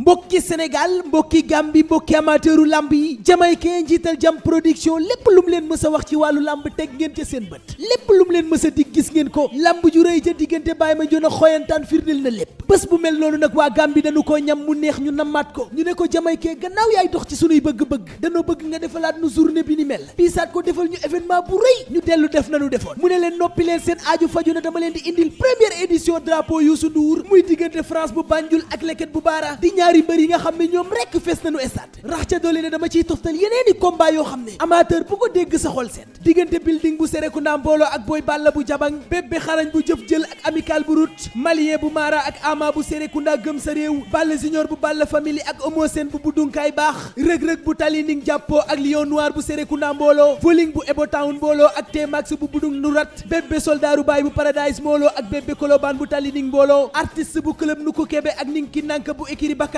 mbokki Sénégal mbokki Gambie mbokki amateuru lamb yi jamaykee njiital jam production lépp lu leen mës wax ci wàllu lamb teg ngeen ca seen bët lépp lu mu leen mës a gis ngeen ko lamb ju rëy ca diggante bàyyi ma jon a xoyantaan firndeel na lépp bés bu mel noonu nag waa Gambie dañu ko ñam mu neex ñu nammaat ko ñu ne ko jamaykee gannaaw yaay dox ci sunuy bëgg-bëgg danoo bëgg nga defalaat nu journée bi ni mel piisaat ko defal ñu événement bu rëy ñu dellu leen noppi leen seen aaju faju na dama ñaari mbër yi nga xam ne ñoom rekk fees nañu stade rax ca bu ko sa xol seet diggante building bu Serekunda mbooloo ak Boy Balla bu jabang bébbe xarañ bu jëf jël ak amical bu rut malien bu maara ak ama bu Serekunda gëm sa réew Balla junior bu Balla family ak Homo bu buddunkaay baax rëg-rëg bu talining jàppoo ak lion noir bu Serekunda mbooloo voling bu Ebo mbooloo ak T-Max bu budung nurat bébbe soldaru baay bu paradise mbooloo ak bébbe kolobaan bu talining mbooloo artiste bu club nu kebe ak ninki nank bu ékiri bakka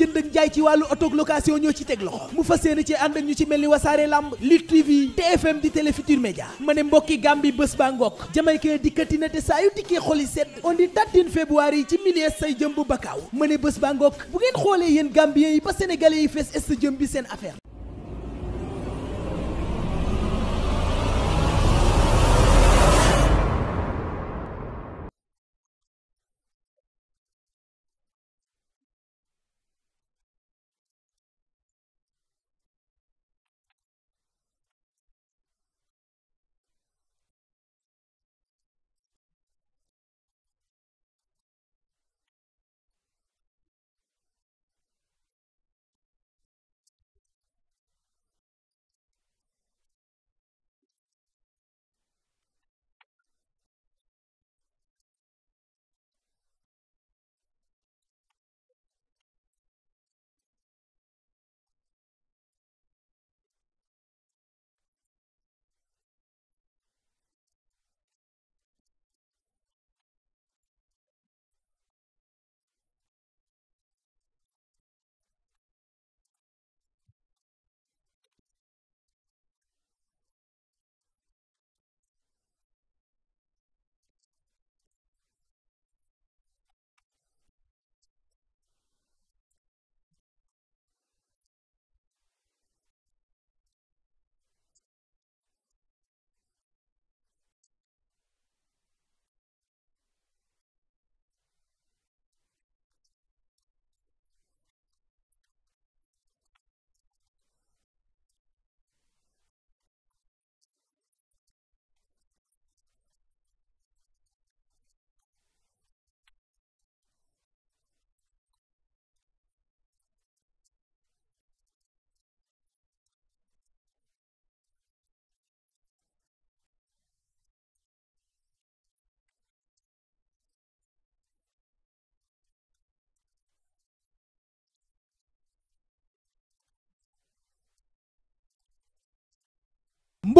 jënd ak jaay ci wàllu auto location ñoo ci teg loxo mu fas yéene ci ànd ñu ci mel ni wasaare lamb Lutte TV TFM di Télé Futurs Médias ma ne mbokki Gambie bés ba ngokk jamaykee dikkati na te saa yu dikkee xoli sedd on di tattin février yi ci milies say jëm bu bakkaaw ma ne bés ba ngokk bu ngeen xoolee yéen Gambien yi ba Sénégalais yi fees est bi seen affaire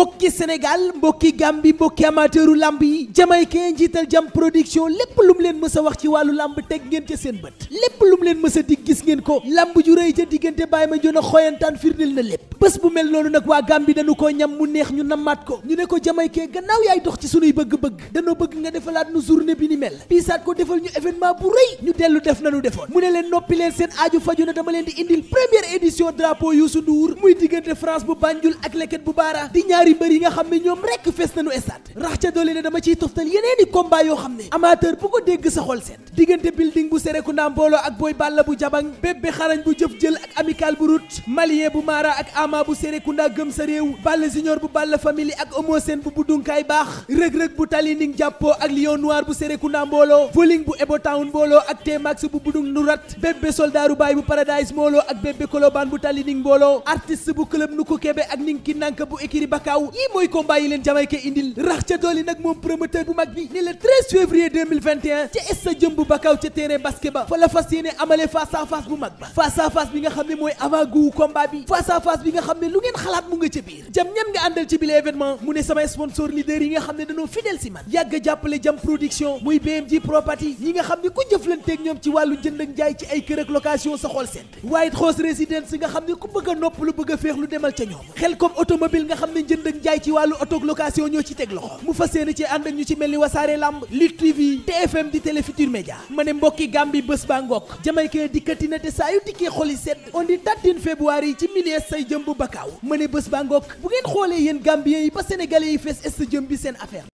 mbokki Sénégal mbokki Gambie mbokki amateuru lamb yi jamaïcain njiital jam production lépp lu mu leen mës a wax ci wàllu lamb teg ngeen ca seen bët lépp lu mu leen mës a dig gis ngeen ko lamb ju rëy ca diggante Baye Mandione xoyantaan firndeel na lépp bés bu mel noonu nag waa Gambie dañu ko ñam mu neex ñu nammaat ko ñu ne ko jamaïcain gannaaw yaay dox ci sunuy bëgg-bëgg danoo bëgg nga defalaat nu journée bi ni mel piisaat ko defal ñu événement bu rëy ñu dellu ñaari mbër yi nga xam ne ñoom rekk fees nañu stade rax ca doole ne dama ciy toftal yeneen combat yoo xam ne amateur bu ko dégg sa xol seet diggante building bu Serekunda mbooloo ak Boy Balla bu jabang bébbe xarañ bu jëf jël ak amical bu rut bu maara ak ama bu Serekunda gëm sa réew Balla junior bu Balla family ak Homo Sène bu buddunkaay baax rëg-rëg bu tali ning jàppoo ak lion noir bu Serekunda mbooloo voling bu Ebo Town mbooloo ak T-Max bu budung bu Kaaw yi mooy combat yi leen Jamaïque indil rax ca dooli nag moom promoteur bu mag bi ni le 13 février 2021 ca esta jëmb Bakaaw ca terrain basket fa la fas yéene amale face à bu mag ba face à bi nga xam ne mooy avant goût combat bi face à bi nga xam ne lu ngeen xalaat mu nga ca biir jam ñan nga àndal ci bile événement mu ne samay sponsor leader yi nga xam ne dañoo fidèle si man yàgg jàppale jam production muy BMG property yi nga xam ne ku jëflanteeg ñoom jënd ak jaay ci wàllu auto location ñoo ci teg loxo mu fas yéene ci ànd ak ci mel ni wasaare lamb Lutte TV TFM di Télé Futurs ma ne mbokki Gambie bés ba ngokk jamaykee dikkati na te saa dikkee xoli sedd on di tattin février yi ci milies say jëm bu bakkaaw ma ne bés ba ngokk bu ngeen xoolee yéen Gambien yi ba Sénégalais yi fees est jëm bi seen affaire